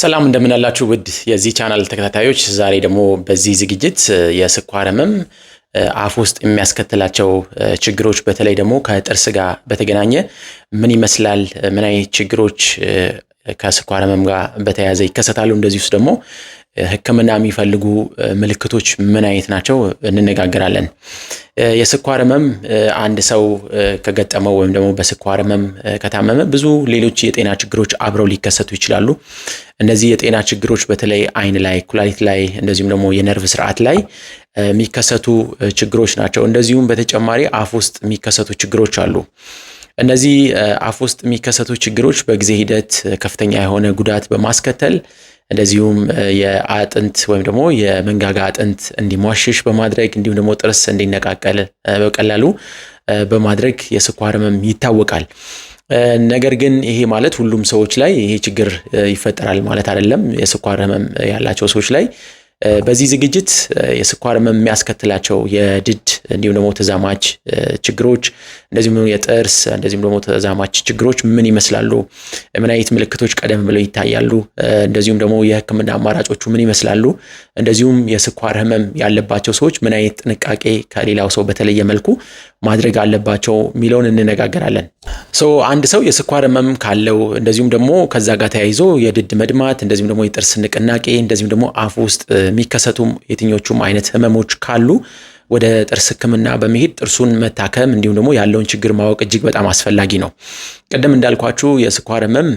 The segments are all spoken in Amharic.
ሰላም እንደምናላችሁ ውድ የዚህ ቻናል ተከታታዮች፣ ዛሬ ደግሞ በዚህ ዝግጅት የስኳር ህመም አፍ ውስጥ የሚያስከትላቸው ችግሮች በተለይ ደግሞ ከጥርስ ጋር በተገናኘ ምን ይመስላል፣ ምን አይነት ችግሮች ከስኳር ህመም ጋር በተያያዘ ይከሰታሉ፣ እንደዚህ ውስጥ ደግሞ ህክምና የሚፈልጉ ምልክቶች ምን አይነት ናቸው እንነጋገራለን። የስኳር ህመም አንድ ሰው ከገጠመው ወይም ደግሞ በስኳር ህመም ከታመመ ብዙ ሌሎች የጤና ችግሮች አብረው ሊከሰቱ ይችላሉ። እነዚህ የጤና ችግሮች በተለይ አይን ላይ፣ ኩላሊት ላይ እንደዚሁም ደግሞ የነርቭ ስርዓት ላይ የሚከሰቱ ችግሮች ናቸው። እንደዚሁም በተጨማሪ አፍ ውስጥ የሚከሰቱ ችግሮች አሉ። እነዚህ አፍ ውስጥ የሚከሰቱ ችግሮች በጊዜ ሂደት ከፍተኛ የሆነ ጉዳት በማስከተል እንደዚሁም የአጥንት ወይም ደግሞ የመንጋጋ አጥንት እንዲሟሽሽ በማድረግ እንዲሁም ደግሞ ጥርስ እንዲነቃቀል በቀላሉ በማድረግ የስኳር ህመም ይታወቃል። ነገር ግን ይሄ ማለት ሁሉም ሰዎች ላይ ይሄ ችግር ይፈጠራል ማለት አይደለም። የስኳር ህመም ያላቸው ሰዎች ላይ በዚህ ዝግጅት የስኳር ህመም የሚያስከትላቸው የድድ እንዲሁም ደግሞ ተዛማች ችግሮች እንደዚሁም ደግሞ የጥርስ እንደዚሁም ደግሞ ተዛማች ችግሮች ምን ይመስላሉ? ምን አይነት ምልክቶች ቀደም ብለው ይታያሉ? እንደዚሁም ደግሞ የህክምና አማራጮቹ ምን ይመስላሉ? እንደዚሁም የስኳር ህመም ያለባቸው ሰዎች ምን አይነት ጥንቃቄ ከሌላው ሰው በተለየ መልኩ ማድረግ አለባቸው የሚለውን እንነጋገራለን። አንድ ሰው የስኳር ህመም ካለው እንደዚሁም ደግሞ ከዛ ጋር ተያይዞ የድድ መድማት እንደዚሁም ደግሞ የጥርስ ንቅናቄ እንደዚሁም ደግሞ አፍ ውስጥ የሚከሰቱም የትኞቹም አይነት ህመሞች ካሉ ወደ ጥርስ ህክምና በመሄድ ጥርሱን መታከም እንዲሁም ደግሞ ያለውን ችግር ማወቅ እጅግ በጣም አስፈላጊ ነው። ቅድም እንዳልኳችሁ የስኳር ህመም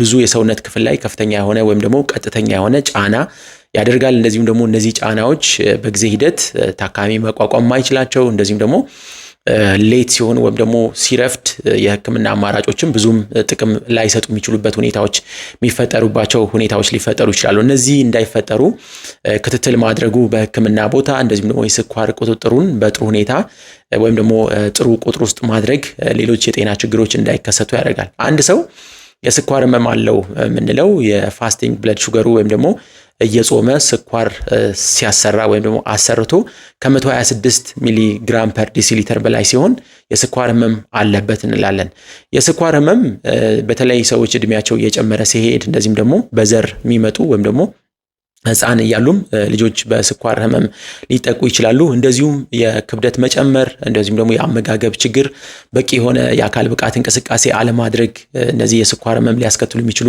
ብዙ የሰውነት ክፍል ላይ ከፍተኛ የሆነ ወይም ደግሞ ቀጥተኛ የሆነ ጫና ያደርጋል። እንደዚሁም ደግሞ እነዚህ ጫናዎች በጊዜ ሂደት ታካሚ መቋቋም ማይችላቸው እንደዚሁም ደግሞ ሌት ሲሆን ወይም ደግሞ ሲረፍድ የሕክምና አማራጮችም ብዙም ጥቅም ላይሰጡ የሚችሉበት ሁኔታዎች የሚፈጠሩባቸው ሁኔታዎች ሊፈጠሩ ይችላሉ። እነዚህ እንዳይፈጠሩ ክትትል ማድረጉ በሕክምና ቦታ እንደዚሁም ደግሞ የስኳር ቁጥጥሩን በጥሩ ሁኔታ ወይም ደግሞ ጥሩ ቁጥር ውስጥ ማድረግ ሌሎች የጤና ችግሮች እንዳይከሰቱ ያደርጋል። አንድ ሰው የስኳር ህመም አለው የምንለው የፋስቲንግ ብለድ ሹገሩ ወይም ደግሞ እየጾመ ስኳር ሲያሰራ ወይም ደግሞ አሰርቶ ከ126 ሚሊ ግራም ፐር ዲሲሊተር በላይ ሲሆን የስኳር ህመም አለበት እንላለን። የስኳር ህመም በተለይ ሰዎች እድሜያቸው እየጨመረ ሲሄድ እንደዚህም ደግሞ በዘር የሚመጡ ወይም ደግሞ ህፃን እያሉም ልጆች በስኳር ህመም ሊጠቁ ይችላሉ። እንደዚሁም የክብደት መጨመር እንደዚሁም ደግሞ የአመጋገብ ችግር፣ በቂ የሆነ የአካል ብቃት እንቅስቃሴ አለማድረግ እነዚህ የስኳር ህመም ሊያስከትሉ የሚችሉ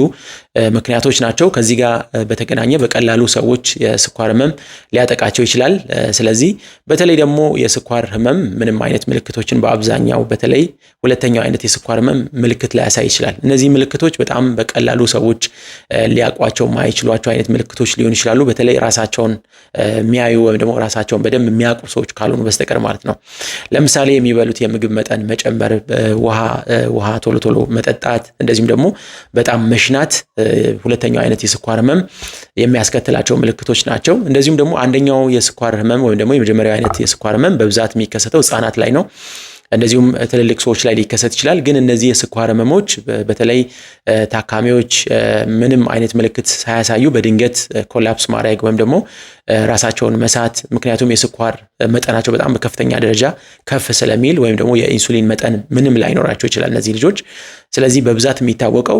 ምክንያቶች ናቸው። ከዚህ ጋር በተገናኘ በቀላሉ ሰዎች የስኳር ህመም ሊያጠቃቸው ይችላል። ስለዚህ በተለይ ደግሞ የስኳር ህመም ምንም አይነት ምልክቶችን በአብዛኛው በተለይ ሁለተኛው አይነት የስኳር ህመም ምልክት ላያሳይ ይችላል። እነዚህ ምልክቶች በጣም በቀላሉ ሰዎች ሊያውቋቸው ማይችሏቸው አይነት ምልክቶች ሊሆን ይችላሉ። በተለይ ራሳቸውን የሚያዩ ወይም ደግሞ ራሳቸውን በደንብ የሚያውቁ ሰዎች ካልሆኑ በስተቀር ማለት ነው። ለምሳሌ የሚበሉት የምግብ መጠን መጨመር፣ ውሃ ቶሎ ቶሎ መጠጣት፣ እንደዚሁም ደግሞ በጣም መሽናት ሁለተኛው አይነት የስኳር ህመም የሚያስከትላቸው ምልክቶች ናቸው። እንደዚሁም ደግሞ አንደኛው የስኳር ህመም ወይም ደግሞ የመጀመሪያው አይነት የስኳር ህመም በብዛት የሚከሰተው ህጻናት ላይ ነው። እንደዚሁም ትልልቅ ሰዎች ላይ ሊከሰት ይችላል። ግን እነዚህ የስኳር ህመሞች በተለይ ታካሚዎች ምንም አይነት ምልክት ሳያሳዩ በድንገት ኮላፕስ ማድረግ ወይም ደግሞ ራሳቸውን መሳት። ምክንያቱም የስኳር መጠናቸው በጣም በከፍተኛ ደረጃ ከፍ ስለሚል ወይም ደግሞ የኢንሱሊን መጠን ምንም ላይኖራቸው ይችላል እነዚህ ልጆች። ስለዚህ በብዛት የሚታወቀው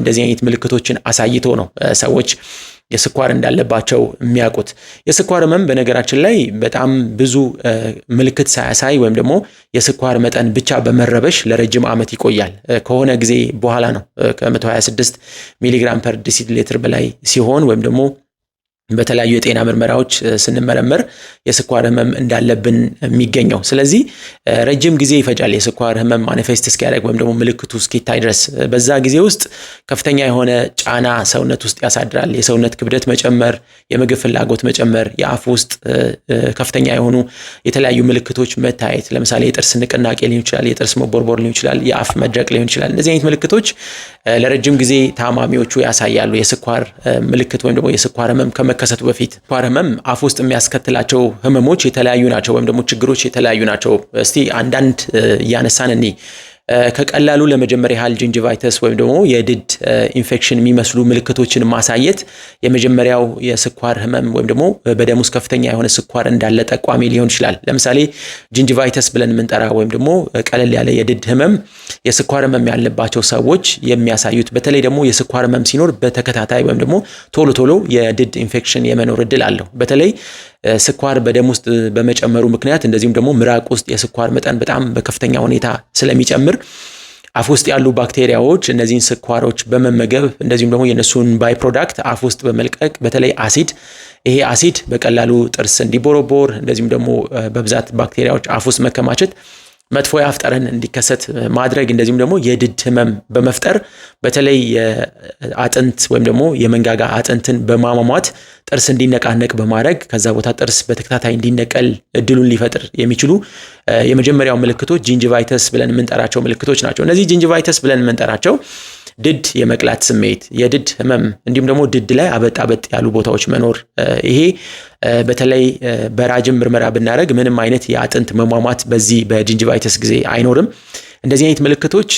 እንደዚህ አይነት ምልክቶችን አሳይቶ ነው ሰዎች የስኳር እንዳለባቸው የሚያውቁት። የስኳር ህመም በነገራችን ላይ በጣም ብዙ ምልክት ሳያሳይ ወይም ደግሞ የስኳር መጠን ብቻ በመረበሽ ለረጅም ዓመት ይቆያል። ከሆነ ጊዜ በኋላ ነው ከ126 ሚሊግራም ፐር ዲሲሊትር በላይ ሲሆን ወይም ደግሞ በተለያዩ የጤና ምርመራዎች ስንመረመር የስኳር ህመም እንዳለብን የሚገኘው። ስለዚህ ረጅም ጊዜ ይፈጃል የስኳር ህመም ማኒፌስት እስኪያደርግ ወይም ደግሞ ምልክቱ እስኪታይ ድረስ። በዛ ጊዜ ውስጥ ከፍተኛ የሆነ ጫና ሰውነት ውስጥ ያሳድራል። የሰውነት ክብደት መጨመር፣ የምግብ ፍላጎት መጨመር፣ የአፍ ውስጥ ከፍተኛ የሆኑ የተለያዩ ምልክቶች መታየት፣ ለምሳሌ የጥርስ ንቅናቄ ሊሆን ይችላል፣ የጥርስ መቦርቦር ሊሆን ይችላል፣ የአፍ መድረቅ ሊሆን ይችላል። እነዚህ አይነት ምልክቶች ለረጅም ጊዜ ታማሚዎቹ ያሳያሉ የስኳር ምልክት ወይም ደግሞ የስኳር ህመም ከመከሰቱ በፊት ኳር ህመም አፍ ውስጥ የሚያስከትላቸው ህመሞች የተለያዩ ናቸው፣ ወይም ደግሞ ችግሮች የተለያዩ ናቸው። እስቲ አንዳንድ እያነሳን እኒ ከቀላሉ ለመጀመር ያህል ጅንጅቫይተስ ወይም ደግሞ የድድ ኢንፌክሽን የሚመስሉ ምልክቶችን ማሳየት የመጀመሪያው የስኳር ህመም ወይም ደግሞ በደም ውስጥ ከፍተኛ የሆነ ስኳር እንዳለ ጠቋሚ ሊሆን ይችላል። ለምሳሌ ጅንጅቫይተስ ብለን የምንጠራ ወይም ደግሞ ቀለል ያለ የድድ ህመም የስኳር ህመም ያለባቸው ሰዎች የሚያሳዩት በተለይ ደግሞ የስኳር ህመም ሲኖር በተከታታይ ወይም ደግሞ ቶሎ ቶሎ የድድ ኢንፌክሽን የመኖር እድል አለው። በተለይ ስኳር በደም ውስጥ በመጨመሩ ምክንያት እንደዚሁም ደግሞ ምራቅ ውስጥ የስኳር መጠን በጣም በከፍተኛ ሁኔታ ስለሚጨምር አፍ ውስጥ ያሉ ባክቴሪያዎች እነዚህን ስኳሮች በመመገብ እንደዚሁም ደግሞ የእነሱን ባይ ፕሮዳክት አፍ ውስጥ በመልቀቅ በተለይ አሲድ፣ ይሄ አሲድ በቀላሉ ጥርስ እንዲቦረቦር እንደዚሁም ደግሞ በብዛት ባክቴሪያዎች አፍ ውስጥ መከማቸት መጥፎ የአፍ ጠረን እንዲከሰት ማድረግ እንደዚሁም ደግሞ የድድ ህመም በመፍጠር በተለይ አጥንት ወይም ደግሞ የመንጋጋ አጥንትን በማሟሟት ጥርስ እንዲነቃነቅ በማድረግ ከዛ ቦታ ጥርስ በተከታታይ እንዲነቀል እድሉን ሊፈጥር የሚችሉ የመጀመሪያው ምልክቶች ጂንጅቫይተስ ብለን የምንጠራቸው ምልክቶች ናቸው። እነዚህ ጂንጅቫይተስ ብለን የምንጠራቸው ድድ የመቅላት ስሜት፣ የድድ ህመም እንዲሁም ደግሞ ድድ ላይ አበጣበጥ ያሉ ቦታዎች መኖር ይሄ በተለይ በራጅም ምርመራ ብናደረግ ምንም አይነት የአጥንት መሟሟት በዚህ በጅንጅቫይተስ ጊዜ አይኖርም። እንደዚህ አይነት ምልክቶች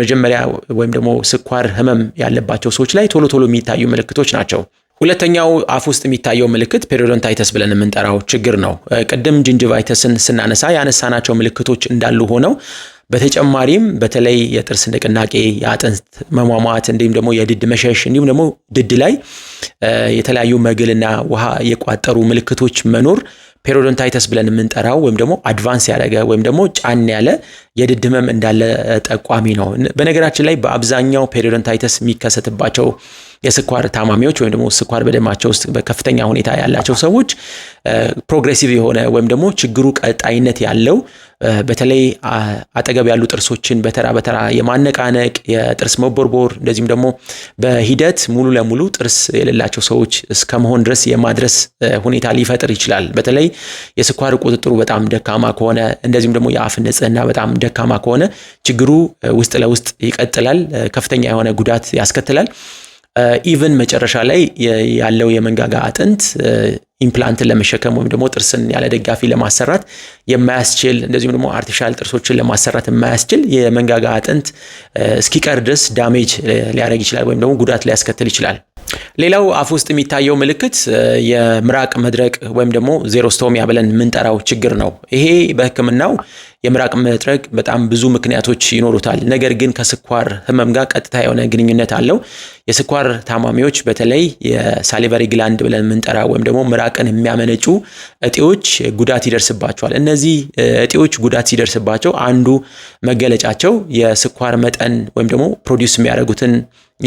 መጀመሪያ ወይም ደግሞ ስኳር ህመም ያለባቸው ሰዎች ላይ ቶሎ ቶሎ የሚታዩ ምልክቶች ናቸው። ሁለተኛው አፍ ውስጥ የሚታየው ምልክት ፔሪዶንታይተስ ብለን የምንጠራው ችግር ነው። ቅድም ጅንጅቫይተስን ስናነሳ ያነሳናቸው ምልክቶች እንዳሉ ሆነው በተጨማሪም በተለይ የጥርስ ንቅናቄ፣ የአጥንት መሟሟት እንዲሁም ደግሞ የድድ መሸሽ እንዲሁም ደግሞ ድድ ላይ የተለያዩ መግልና ውሃ የቋጠሩ ምልክቶች መኖር ፔሮዶንታይተስ ብለን የምንጠራው ወይም ደግሞ አድቫንስ ያደረገ ወይም ደግሞ ጫን ያለ የድድ ህመም እንዳለ ጠቋሚ ነው። በነገራችን ላይ በአብዛኛው ፔሮዶንታይተስ የሚከሰትባቸው የስኳር ታማሚዎች ወይም ደግሞ ስኳር በደማቸው ውስጥ በከፍተኛ ሁኔታ ያላቸው ሰዎች ፕሮግሬሲቭ የሆነ ወይም ደግሞ ችግሩ ቀጣይነት ያለው በተለይ አጠገብ ያሉ ጥርሶችን በተራ በተራ የማነቃነቅ የጥርስ መቦርቦር እንደዚሁም ደግሞ በሂደት ሙሉ ለሙሉ ጥርስ የሌላቸው ሰዎች እስከመሆን ድረስ የማድረስ ሁኔታ ሊፈጥር ይችላል። በተለይ የስኳር ቁጥጥሩ በጣም ደካማ ከሆነ እንደዚሁም ደግሞ የአፍ ንጽህና በጣም ደካማ ከሆነ ችግሩ ውስጥ ለውስጥ ይቀጥላል፣ ከፍተኛ የሆነ ጉዳት ያስከትላል። ኢቨን መጨረሻ ላይ ያለው የመንጋጋ አጥንት ኢምፕላንትን ለመሸከም ወይም ደግሞ ጥርስን ያለ ደጋፊ ለማሰራት የማያስችል እንደዚሁም ደግሞ አርቲፊሻል ጥርሶችን ለማሰራት የማያስችል የመንጋጋ አጥንት እስኪቀር ድረስ ዳሜጅ ሊያደርግ ይችላል ወይም ደግሞ ጉዳት ሊያስከትል ይችላል። ሌላው አፍ ውስጥ የሚታየው ምልክት የምራቅ መድረቅ ወይም ደግሞ ዜሮስቶሚያ ብለን የምንጠራው ችግር ነው። ይሄ በሕክምናው የምራቅ መድረቅ በጣም ብዙ ምክንያቶች ይኖሩታል። ነገር ግን ከስኳር ህመም ጋር ቀጥታ የሆነ ግንኙነት አለው። የስኳር ታማሚዎች በተለይ የሳሊቨሪ ግላንድ ብለን የምንጠራ ወይም ደግሞ ምራቅን የሚያመነጩ እጢዎች ጉዳት ይደርስባቸዋል። እነዚህ እጢዎች ጉዳት ሲደርስባቸው አንዱ መገለጫቸው የስኳር መጠን ወይም ደግሞ ፕሮዲውስ የሚያደርጉትን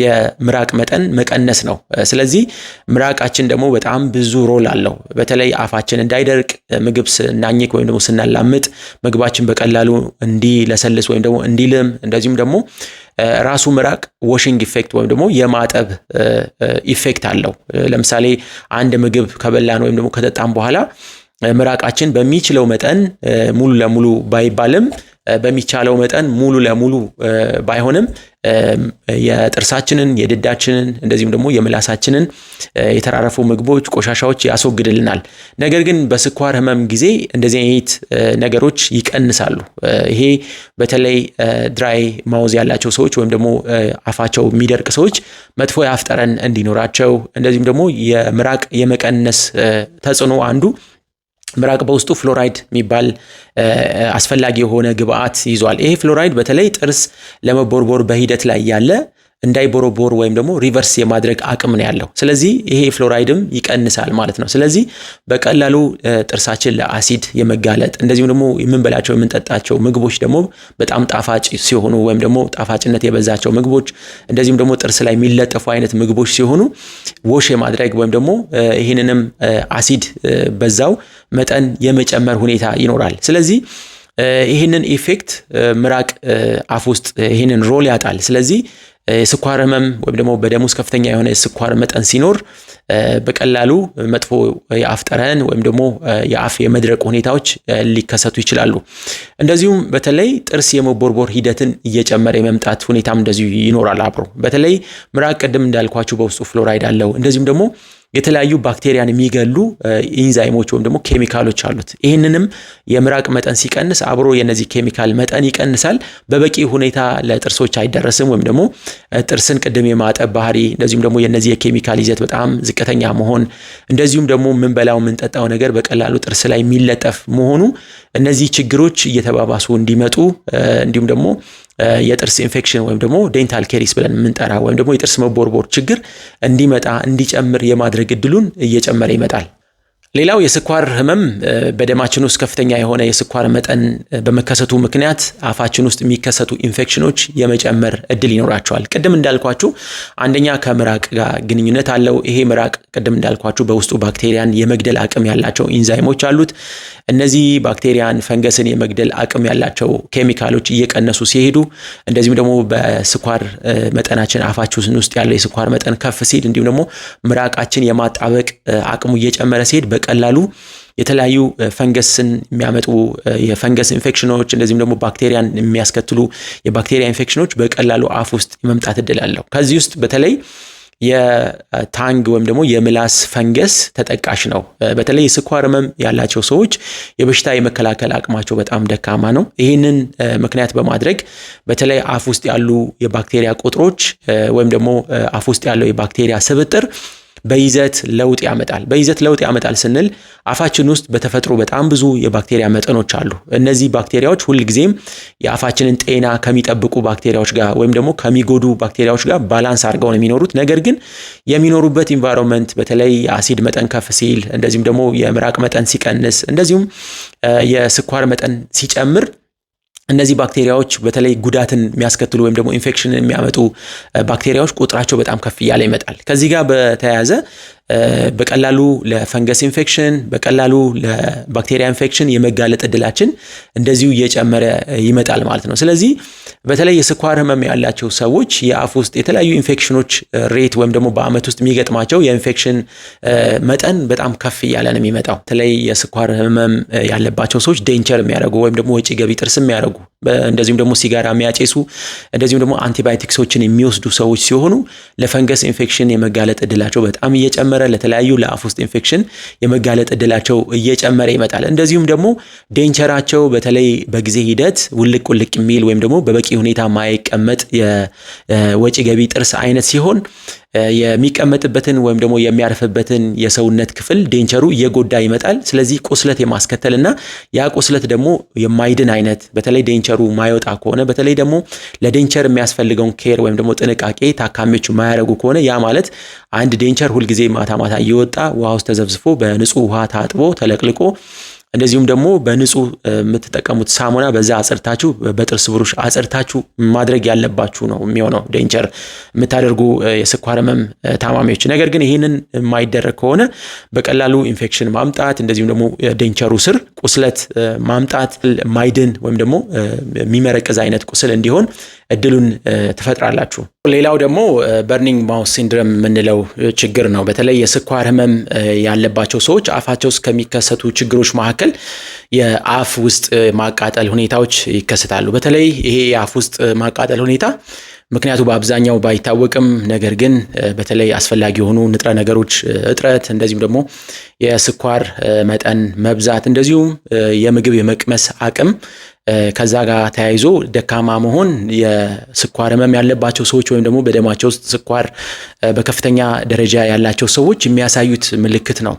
የምራቅ መጠን መቀነስ ነው። ስለዚህ ምራቃችን ደግሞ በጣም ብዙ ሮል አለው። በተለይ አፋችን እንዳይደርቅ ምግብ ስናኝክ ወይም ደግሞ ስናላምጥ ምግባችን በቀላሉ እንዲለሰልስ ወይም ደግሞ እንዲልም እንደዚሁም ደግሞ ራሱ ምራቅ ዋሽንግ ኢፌክት ወይም ደግሞ የማጠብ ኢፌክት አለው። ለምሳሌ አንድ ምግብ ከበላን ወይም ደግሞ ከጠጣን በኋላ ምራቃችን በሚችለው መጠን ሙሉ ለሙሉ ባይባልም በሚቻለው መጠን ሙሉ ለሙሉ ባይሆንም የጥርሳችንን የድዳችንን እንደዚሁም ደግሞ የምላሳችንን የተራረፉ ምግቦች፣ ቆሻሻዎች ያስወግድልናል። ነገር ግን በስኳር ህመም ጊዜ እንደዚህ አይነት ነገሮች ይቀንሳሉ። ይሄ በተለይ ድራይ ማውዝ ያላቸው ሰዎች ወይም ደግሞ አፋቸው የሚደርቅ ሰዎች መጥፎ የአፍ ጠረን እንዲኖራቸው እንደዚሁም ደግሞ የምራቅ የመቀነስ ተጽዕኖ አንዱ ምራቅ በውስጡ ፍሎራይድ የሚባል አስፈላጊ የሆነ ግብአት ይዟል። ይሄ ፍሎራይድ በተለይ ጥርስ ለመቦርቦር በሂደት ላይ ያለ እንዳይቦረቦር ወይም ደግሞ ሪቨርስ የማድረግ አቅም ነው ያለው። ስለዚህ ይሄ ፍሎራይድም ይቀንሳል ማለት ነው። ስለዚህ በቀላሉ ጥርሳችን ለአሲድ የመጋለጥ እንደዚሁም ደግሞ የምንበላቸው የምንጠጣቸው ምግቦች ደግሞ በጣም ጣፋጭ ሲሆኑ ወይም ደግሞ ጣፋጭነት የበዛቸው ምግቦች እንደዚሁም ደግሞ ጥርስ ላይ የሚለጠፉ አይነት ምግቦች ሲሆኑ ወሽ የማድረግ ወይም ደግሞ ይህንንም አሲድ በዛው መጠን የመጨመር ሁኔታ ይኖራል። ስለዚህ ይህንን ኢፌክት ምራቅ አፍ ውስጥ ይህንን ሮል ያጣል። ስለዚህ የስኳር ህመም ወይም ደግሞ በደም ውስጥ ከፍተኛ የሆነ የስኳር መጠን ሲኖር በቀላሉ መጥፎ የአፍ ጠረን ወይም ደግሞ የአፍ የመድረቅ ሁኔታዎች ሊከሰቱ ይችላሉ። እንደዚሁም በተለይ ጥርስ የመቦርቦር ሂደትን እየጨመረ የመምጣት ሁኔታም እንደዚሁ ይኖራል አብሮ በተለይ ምራቅ ቅድም እንዳልኳችሁ በውስጡ ፍሎራይድ አለው። እንደዚሁም ደግሞ የተለያዩ ባክቴሪያን የሚገሉ ኢንዛይሞች ወይም ደግሞ ኬሚካሎች አሉት። ይህንንም የምራቅ መጠን ሲቀንስ አብሮ የነዚህ ኬሚካል መጠን ይቀንሳል። በበቂ ሁኔታ ለጥርሶች አይደረስም ወይም ደግሞ ጥርስን ቅድም የማጠብ ባህሪ እንደዚሁም ደግሞ የነዚህ የኬሚካል ይዘት በጣም ዝቅተኛ መሆን እንደዚሁም ደግሞ ምንበላው የምንጠጣው ነገር በቀላሉ ጥርስ ላይ የሚለጠፍ መሆኑ እነዚህ ችግሮች እየተባባሱ እንዲመጡ እንዲሁም ደግሞ የጥርስ ኢንፌክሽን ወይም ደግሞ ዴንታል ኬሪስ ብለን የምንጠራ ወይም ደግሞ የጥርስ መቦርቦር ችግር እንዲመጣ እንዲጨምር የማድረግ እድሉን እየጨመረ ይመጣል። ሌላው የስኳር ህመም በደማችን ውስጥ ከፍተኛ የሆነ የስኳር መጠን በመከሰቱ ምክንያት አፋችን ውስጥ የሚከሰቱ ኢንፌክሽኖች የመጨመር እድል ይኖራቸዋል። ቅድም እንዳልኳችሁ አንደኛ ከምራቅ ጋር ግንኙነት አለው። ይሄ ምራቅ ቅድም እንዳልኳችሁ በውስጡ ባክቴሪያን የመግደል አቅም ያላቸው ኢንዛይሞች አሉት። እነዚህ ባክቴሪያን፣ ፈንገስን የመግደል አቅም ያላቸው ኬሚካሎች እየቀነሱ ሲሄዱ፣ እንደዚሁም ደግሞ በስኳር መጠናችን አፋችን ውስጥ ያለው የስኳር መጠን ከፍ ሲል፣ እንዲሁም ደግሞ ምራቃችን የማጣበቅ አቅሙ እየጨመረ ሲሄድ በቀላሉ የተለያዩ ፈንገስን የሚያመጡ የፈንገስ ኢንፌክሽኖች እንደዚሁም ደግሞ ባክቴሪያን የሚያስከትሉ የባክቴሪያ ኢንፌክሽኖች በቀላሉ አፍ ውስጥ የመምጣት እድል አለው። ከዚህ ውስጥ በተለይ የታንግ ወይም ደግሞ የምላስ ፈንገስ ተጠቃሽ ነው። በተለይ የስኳር ህመም ያላቸው ሰዎች የበሽታ የመከላከል አቅማቸው በጣም ደካማ ነው። ይህንን ምክንያት በማድረግ በተለይ አፍ ውስጥ ያሉ የባክቴሪያ ቁጥሮች ወይም ደግሞ አፍ ውስጥ ያለው የባክቴሪያ ስብጥር በይዘት ለውጥ ያመጣል። በይዘት ለውጥ ያመጣል ስንል አፋችን ውስጥ በተፈጥሮ በጣም ብዙ የባክቴሪያ መጠኖች አሉ። እነዚህ ባክቴሪያዎች ሁልጊዜም የአፋችንን ጤና ከሚጠብቁ ባክቴሪያዎች ጋር ወይም ደግሞ ከሚጎዱ ባክቴሪያዎች ጋር ባላንስ አድርገው ነው የሚኖሩት። ነገር ግን የሚኖሩበት ኢንቫይሮንመንት በተለይ የአሲድ መጠን ከፍ ሲል፣ እንደዚሁም ደግሞ የምራቅ መጠን ሲቀንስ፣ እንደዚሁም የስኳር መጠን ሲጨምር እነዚህ ባክቴሪያዎች በተለይ ጉዳትን የሚያስከትሉ ወይም ደግሞ ኢንፌክሽንን የሚያመጡ ባክቴሪያዎች ቁጥራቸው በጣም ከፍ እያለ ይመጣል። ከዚህ ጋር በተያያዘ በቀላሉ ለፈንገስ ኢንፌክሽን በቀላሉ ለባክቴሪያ ኢንፌክሽን የመጋለጥ እድላችን እንደዚሁ እየጨመረ ይመጣል ማለት ነው። ስለዚህ በተለይ የስኳር ህመም ያላቸው ሰዎች የአፍ ውስጥ የተለያዩ ኢንፌክሽኖች ሬት ወይም ደግሞ በአመት ውስጥ የሚገጥማቸው የኢንፌክሽን መጠን በጣም ከፍ እያለ ነው የሚመጣው። በተለይ የስኳር ህመም ያለባቸው ሰዎች ዴንቸር የሚያደርጉ ወይም ደግሞ ወጪ ገቢ ጥርስ የሚያደርጉ እንደዚሁም ደግሞ ሲጋራ የሚያጨሱ እንደዚሁም ደግሞ አንቲባዮቲክሶችን የሚወስዱ ሰዎች ሲሆኑ ለፈንገስ ኢንፌክሽን የመጋለጥ እድላቸው በጣም እየጨመረ እየጨመረ ለተለያዩ ለአፍ ውስጥ ኢንፌክሽን የመጋለጥ እድላቸው እየጨመረ ይመጣል። እንደዚሁም ደግሞ ዴንቸራቸው በተለይ በጊዜ ሂደት ውልቅ ውልቅ የሚል ወይም ደግሞ በበቂ ሁኔታ ማይቀመጥ የወጪ ገቢ ጥርስ አይነት ሲሆን የሚቀመጥበትን ወይም ደግሞ የሚያርፍበትን የሰውነት ክፍል ዴንቸሩ እየጎዳ ይመጣል። ስለዚህ ቁስለት የማስከተል እና ያ ቁስለት ደግሞ የማይድን አይነት በተለይ ዴንቸሩ ማይወጣ ከሆነ በተለይ ደግሞ ለዴንቸር የሚያስፈልገውን ኬር ወይም ደግሞ ጥንቃቄ ታካሚዎቹ የማያደርጉ ከሆነ ያ ማለት አንድ ዴንቸር ሁልጊዜ ማታ ማታ እየወጣ ውሃ ውስጥ ተዘብዝፎ በንጹህ ውሃ ታጥቦ ተለቅልቆ እንደዚሁም ደግሞ በንጹህ የምትጠቀሙት ሳሙና በዛ አጽድታችሁ በጥርስ ብሩሽ አጽድታችሁ ማድረግ ያለባችሁ ነው የሚሆነው ዴንቸር የምታደርጉ የስኳር ህመም ታማሚዎች። ነገር ግን ይህንን የማይደረግ ከሆነ በቀላሉ ኢንፌክሽን ማምጣት እንደዚሁም ደግሞ ዴንቸሩ ስር ቁስለት ማምጣት ማይድን ወይም ደግሞ የሚመረቅዝ አይነት ቁስል እንዲሆን እድሉን ትፈጥራላችሁ። ሌላው ደግሞ በርኒንግ ማውስ ሲንድረም የምንለው ችግር ነው። በተለይ የስኳር ህመም ያለባቸው ሰዎች አፋቸው ውስጥ ከሚከሰቱ ችግሮች መካከል የአፍ ውስጥ ማቃጠል ሁኔታዎች ይከሰታሉ። በተለይ ይሄ የአፍ ውስጥ ማቃጠል ሁኔታ ምክንያቱ በአብዛኛው ባይታወቅም ነገር ግን በተለይ አስፈላጊ የሆኑ ንጥረ ነገሮች እጥረት እንደዚሁም ደግሞ የስኳር መጠን መብዛት እንደዚሁም የምግብ የመቅመስ አቅም ከዛ ጋር ተያይዞ ደካማ መሆን የስኳር ህመም ያለባቸው ሰዎች ወይም ደግሞ በደማቸው ውስጥ ስኳር በከፍተኛ ደረጃ ያላቸው ሰዎች የሚያሳዩት ምልክት ነው።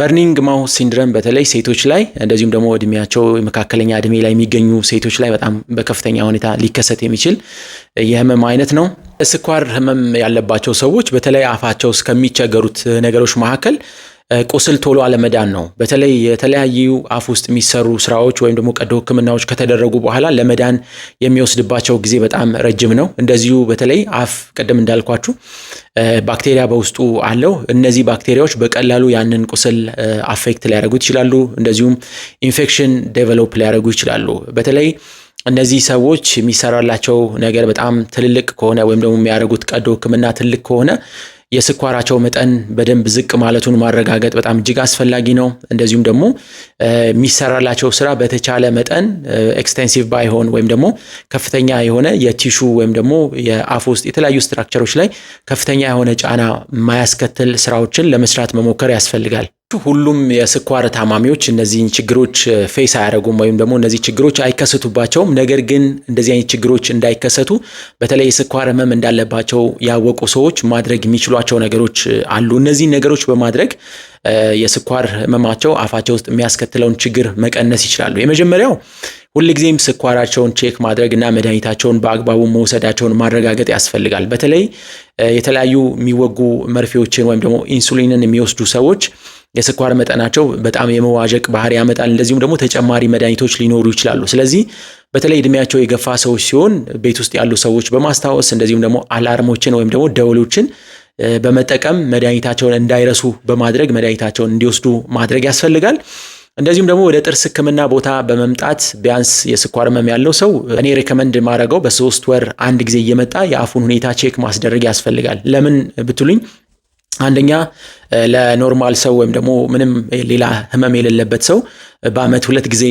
በርኒንግ ማውዝ ሲንድረም በተለይ ሴቶች ላይ እንደዚሁም ደግሞ እድሜያቸው መካከለኛ እድሜ ላይ የሚገኙ ሴቶች ላይ በጣም በከፍተኛ ሁኔታ ሊከሰት የሚችል የህመም አይነት ነው። ስኳር ህመም ያለባቸው ሰዎች በተለይ አፋቸው እስከሚቸገሩት ነገሮች መካከል ቁስል ቶሎ አለመዳን ነው። በተለይ የተለያዩ አፍ ውስጥ የሚሰሩ ስራዎች ወይም ደግሞ ቀዶ ሕክምናዎች ከተደረጉ በኋላ ለመዳን የሚወስድባቸው ጊዜ በጣም ረጅም ነው። እንደዚሁ በተለይ አፍ ቅድም እንዳልኳችሁ ባክቴሪያ በውስጡ አለው። እነዚህ ባክቴሪያዎች በቀላሉ ያንን ቁስል አፌክት ሊያደርጉ ይችላሉ። እንደዚሁም ኢንፌክሽን ዴቨሎፕ ሊያደርጉ ይችላሉ። በተለይ እነዚህ ሰዎች የሚሰራላቸው ነገር በጣም ትልልቅ ከሆነ ወይም ደግሞ የሚያደርጉት ቀዶ ሕክምና ትልቅ ከሆነ የስኳራቸው መጠን በደንብ ዝቅ ማለቱን ማረጋገጥ በጣም እጅግ አስፈላጊ ነው። እንደዚሁም ደግሞ የሚሰራላቸው ስራ በተቻለ መጠን ኤክስቴንሲቭ ባይሆን ወይም ደግሞ ከፍተኛ የሆነ የቲሹ ወይም ደግሞ የአፍ ውስጥ የተለያዩ ስትራክቸሮች ላይ ከፍተኛ የሆነ ጫና የማያስከትል ስራዎችን ለመስራት መሞከር ያስፈልጋል። ሁሉም የስኳር ታማሚዎች እነዚህን ችግሮች ፌስ አያደረጉም ወይም ደግሞ እነዚህ ችግሮች አይከሰቱባቸውም። ነገር ግን እንደዚህ አይነት ችግሮች እንዳይከሰቱ በተለይ የስኳር ህመም እንዳለባቸው ያወቁ ሰዎች ማድረግ የሚችሏቸው ነገሮች አሉ። እነዚህን ነገሮች በማድረግ የስኳር ህመማቸው አፋቸው ውስጥ የሚያስከትለውን ችግር መቀነስ ይችላሉ። የመጀመሪያው ሁልጊዜም ስኳራቸውን ቼክ ማድረግ እና መድኃኒታቸውን በአግባቡ መውሰዳቸውን ማረጋገጥ ያስፈልጋል። በተለይ የተለያዩ የሚወጉ መርፌዎችን ወይም ደግሞ ኢንሱሊንን የሚወስዱ ሰዎች የስኳር መጠናቸው በጣም የመዋዠቅ ባህሪ ያመጣል። እንደዚሁም ደግሞ ተጨማሪ መድኃኒቶች ሊኖሩ ይችላሉ። ስለዚህ በተለይ እድሜያቸው የገፋ ሰዎች ሲሆን ቤት ውስጥ ያሉ ሰዎች በማስታወስ እንደዚሁም ደግሞ አላርሞችን ወይም ደግሞ ደውሎችን በመጠቀም መድኃኒታቸውን እንዳይረሱ በማድረግ መድኃኒታቸውን እንዲወስዱ ማድረግ ያስፈልጋል። እንደዚሁም ደግሞ ወደ ጥርስ ሕክምና ቦታ በመምጣት ቢያንስ የስኳር ህመም ያለው ሰው እኔ ሬከመንድ ማድረገው በሶስት ወር አንድ ጊዜ እየመጣ የአፉን ሁኔታ ቼክ ማስደረግ ያስፈልጋል። ለምን ብትሉኝ አንደኛ ለኖርማል ሰው ወይም ደግሞ ምንም ሌላ ህመም የሌለበት ሰው በአመት ሁለት ጊዜ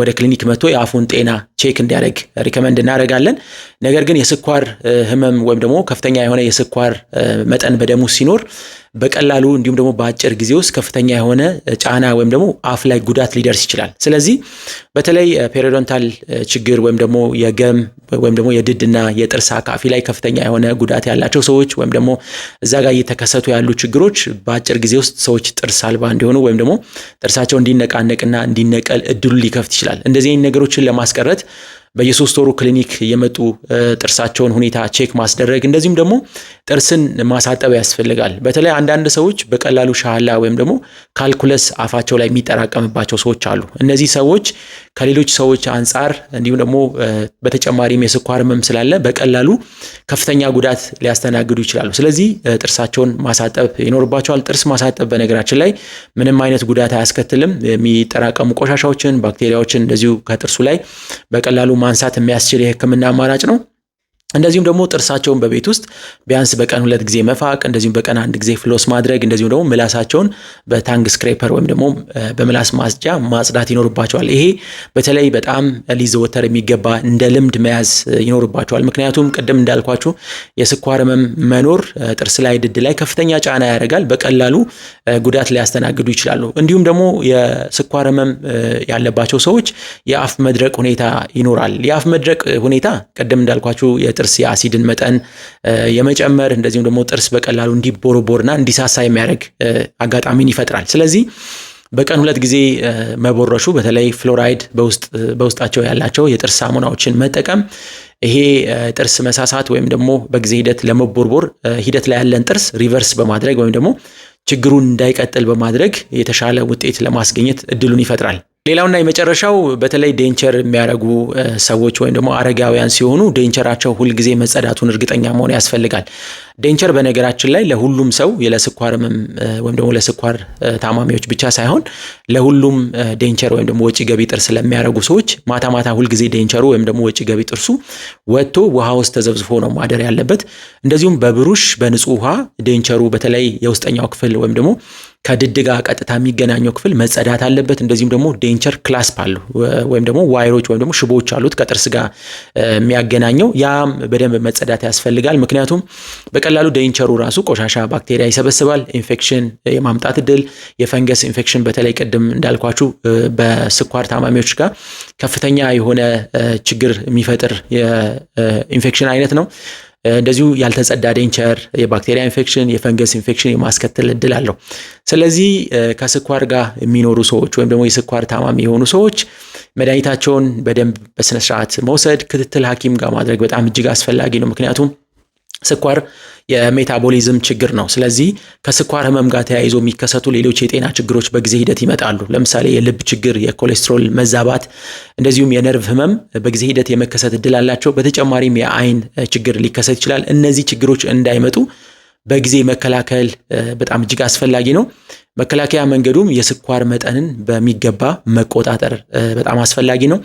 ወደ ክሊኒክ መጥቶ የአፉን ጤና ቼክ እንዲያደርግ ሪከመንድ እናደርጋለን። ነገር ግን የስኳር ህመም ወይም ደግሞ ከፍተኛ የሆነ የስኳር መጠን በደሙ ሲኖር በቀላሉ እንዲሁም ደግሞ በአጭር ጊዜ ውስጥ ከፍተኛ የሆነ ጫና ወይም ደግሞ አፍ ላይ ጉዳት ሊደርስ ይችላል። ስለዚህ በተለይ ፔሪዶንታል ችግር ወይም ደግሞ የገም ወይም ደግሞ የድድና የጥርስ አካፊ ላይ ከፍተኛ የሆነ ጉዳት ያላቸው ሰዎች ወይም ደግሞ እዛ ጋር እየተከሰቱ ያሉ ችግሮች በአጭር ጊዜ ውስጥ ሰዎች ጥርስ አልባ እንዲሆኑ ወይም ደግሞ ጥርሳቸው እንዲነቃነቅ እንዲነቀል እድሉን ሊከፍት ይችላል። እንደዚህ አይነት ነገሮችን ለማስቀረት በየሶስት ወሩ ክሊኒክ የመጡ ጥርሳቸውን ሁኔታ ቼክ ማስደረግ እንደዚሁም ደግሞ ጥርስን ማሳጠብ ያስፈልጋል። በተለይ አንዳንድ ሰዎች በቀላሉ ሻህላ ወይም ደግሞ ካልኩለስ አፋቸው ላይ የሚጠራቀምባቸው ሰዎች አሉ። እነዚህ ሰዎች ከሌሎች ሰዎች አንጻር እንዲሁም ደግሞ በተጨማሪም የስኳር ህመም ስላለ በቀላሉ ከፍተኛ ጉዳት ሊያስተናግዱ ይችላሉ። ስለዚህ ጥርሳቸውን ማሳጠብ ይኖርባቸዋል። ጥርስ ማሳጠብ በነገራችን ላይ ምንም አይነት ጉዳት አያስከትልም። የሚጠራቀሙ ቆሻሻዎችን፣ ባክቴሪያዎችን እንደዚሁ ከጥርሱ ላይ በቀላሉ ማንሳት የሚያስችል የህክምና አማራጭ ነው። እንደዚሁም ደግሞ ጥርሳቸውን በቤት ውስጥ ቢያንስ በቀን ሁለት ጊዜ መፋቅ፣ እንደዚሁም በቀን አንድ ጊዜ ፍሎስ ማድረግ፣ እንደዚሁም ደግሞ ምላሳቸውን በታንግ ስክሬፐር ወይም ደግሞ በምላስ ማጽጃ ማጽዳት ይኖርባቸዋል። ይሄ በተለይ በጣም ሊዘወተር የሚገባ እንደ ልምድ መያዝ ይኖርባቸዋል። ምክንያቱም ቅድም እንዳልኳችሁ የስኳር ህመም መኖር ጥርስ ላይ ድድ ላይ ከፍተኛ ጫና ያደርጋል። በቀላሉ ጉዳት ሊያስተናግዱ ይችላሉ። እንዲሁም ደግሞ የስኳር ህመም ያለባቸው ሰዎች የአፍ መድረቅ ሁኔታ ይኖራል። የአፍ መድረቅ ሁኔታ ቅድም እንዳልኳችሁ የጥርስ የአሲድን መጠን የመጨመር እንደዚሁም ደግሞ ጥርስ በቀላሉ እንዲቦርቦርና እንዲሳሳ የሚያደርግ አጋጣሚን ይፈጥራል። ስለዚህ በቀን ሁለት ጊዜ መቦረሹ በተለይ ፍሎራይድ በውስጣቸው ያላቸው የጥርስ ሳሙናዎችን መጠቀም ይሄ ጥርስ መሳሳት ወይም ደግሞ በጊዜ ሂደት ለመቦርቦር ሂደት ላይ ያለን ጥርስ ሪቨርስ በማድረግ ወይም ደግሞ ችግሩን እንዳይቀጥል በማድረግ የተሻለ ውጤት ለማስገኘት እድሉን ይፈጥራል። ሌላውና የመጨረሻው በተለይ ዴንቸር የሚያደርጉ ሰዎች ወይም ደግሞ አረጋውያን ሲሆኑ ዴንቸራቸው ሁልጊዜ መጸዳቱን እርግጠኛ መሆን ያስፈልጋል። ዴንቸር በነገራችን ላይ ለሁሉም ሰው ለስኳር ወይም ደግሞ ለስኳር ታማሚዎች ብቻ ሳይሆን ለሁሉም ዴንቸር ወይም ደግሞ ወጪ ገቢ ጥርስ ለሚያደርጉ ሰዎች ማታ ማታ ሁልጊዜ ዴንቸሩ ወይም ደግሞ ወጪ ገቢ ጥርሱ ወጥቶ ውሃ ውስጥ ተዘብዝፎ ነው ማደር ያለበት። እንደዚሁም በብሩሽ በንጹህ ውሃ ዴንቸሩ በተለይ የውስጠኛው ክፍል ወይም ደግሞ ከድድጋ ቀጥታ የሚገናኘው ክፍል መጸዳት አለበት። እንደዚሁም ደግሞ ዴንቸር ክላስፕ አሉ ወይም ደግሞ ዋይሮች ወይም ደግሞ ሽቦዎች አሉት ከጥርስ ጋር የሚያገናኘው ያም በደንብ መጸዳት ያስፈልጋል። ምክንያቱም በቀላሉ ዴንቸሩ ራሱ ቆሻሻ ባክቴሪያ ይሰበስባል። ኢንፌክሽን የማምጣት እድል የፈንገስ ኢንፌክሽን በተለይ ቅድም እንዳልኳችሁ በስኳር ታማሚዎች ጋር ከፍተኛ የሆነ ችግር የሚፈጥር የኢንፌክሽን አይነት ነው። እንደዚሁ ያልተጸዳ ዴንቸር የባክቴሪያ ኢንፌክሽን፣ የፈንገስ ኢንፌክሽን የማስከተል እድል አለው። ስለዚህ ከስኳር ጋር የሚኖሩ ሰዎች ወይም ደግሞ የስኳር ታማሚ የሆኑ ሰዎች መድኃኒታቸውን በደንብ በስነስርዓት መውሰድ፣ ክትትል ሐኪም ጋር ማድረግ በጣም እጅግ አስፈላጊ ነው። ምክንያቱም ስኳር የሜታቦሊዝም ችግር ነው። ስለዚህ ከስኳር ህመም ጋር ተያይዞ የሚከሰቱ ሌሎች የጤና ችግሮች በጊዜ ሂደት ይመጣሉ። ለምሳሌ የልብ ችግር፣ የኮሌስትሮል መዛባት፣ እንደዚሁም የነርቭ ህመም በጊዜ ሂደት የመከሰት እድል አላቸው። በተጨማሪም የአይን ችግር ሊከሰት ይችላል። እነዚህ ችግሮች እንዳይመጡ በጊዜ መከላከል በጣም እጅግ አስፈላጊ ነው። መከላከያ መንገዱም የስኳር መጠንን በሚገባ መቆጣጠር በጣም አስፈላጊ ነው።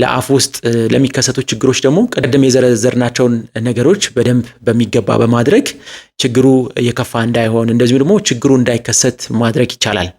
ለአፍ ውስጥ ለሚከሰቱ ችግሮች ደግሞ ቀደም የዘረዘርናቸውን ነገሮች በደንብ በሚገባ በማድረግ ችግሩ የከፋ እንዳይሆን እንደዚሁም ደግሞ ችግሩ እንዳይከሰት ማድረግ ይቻላል።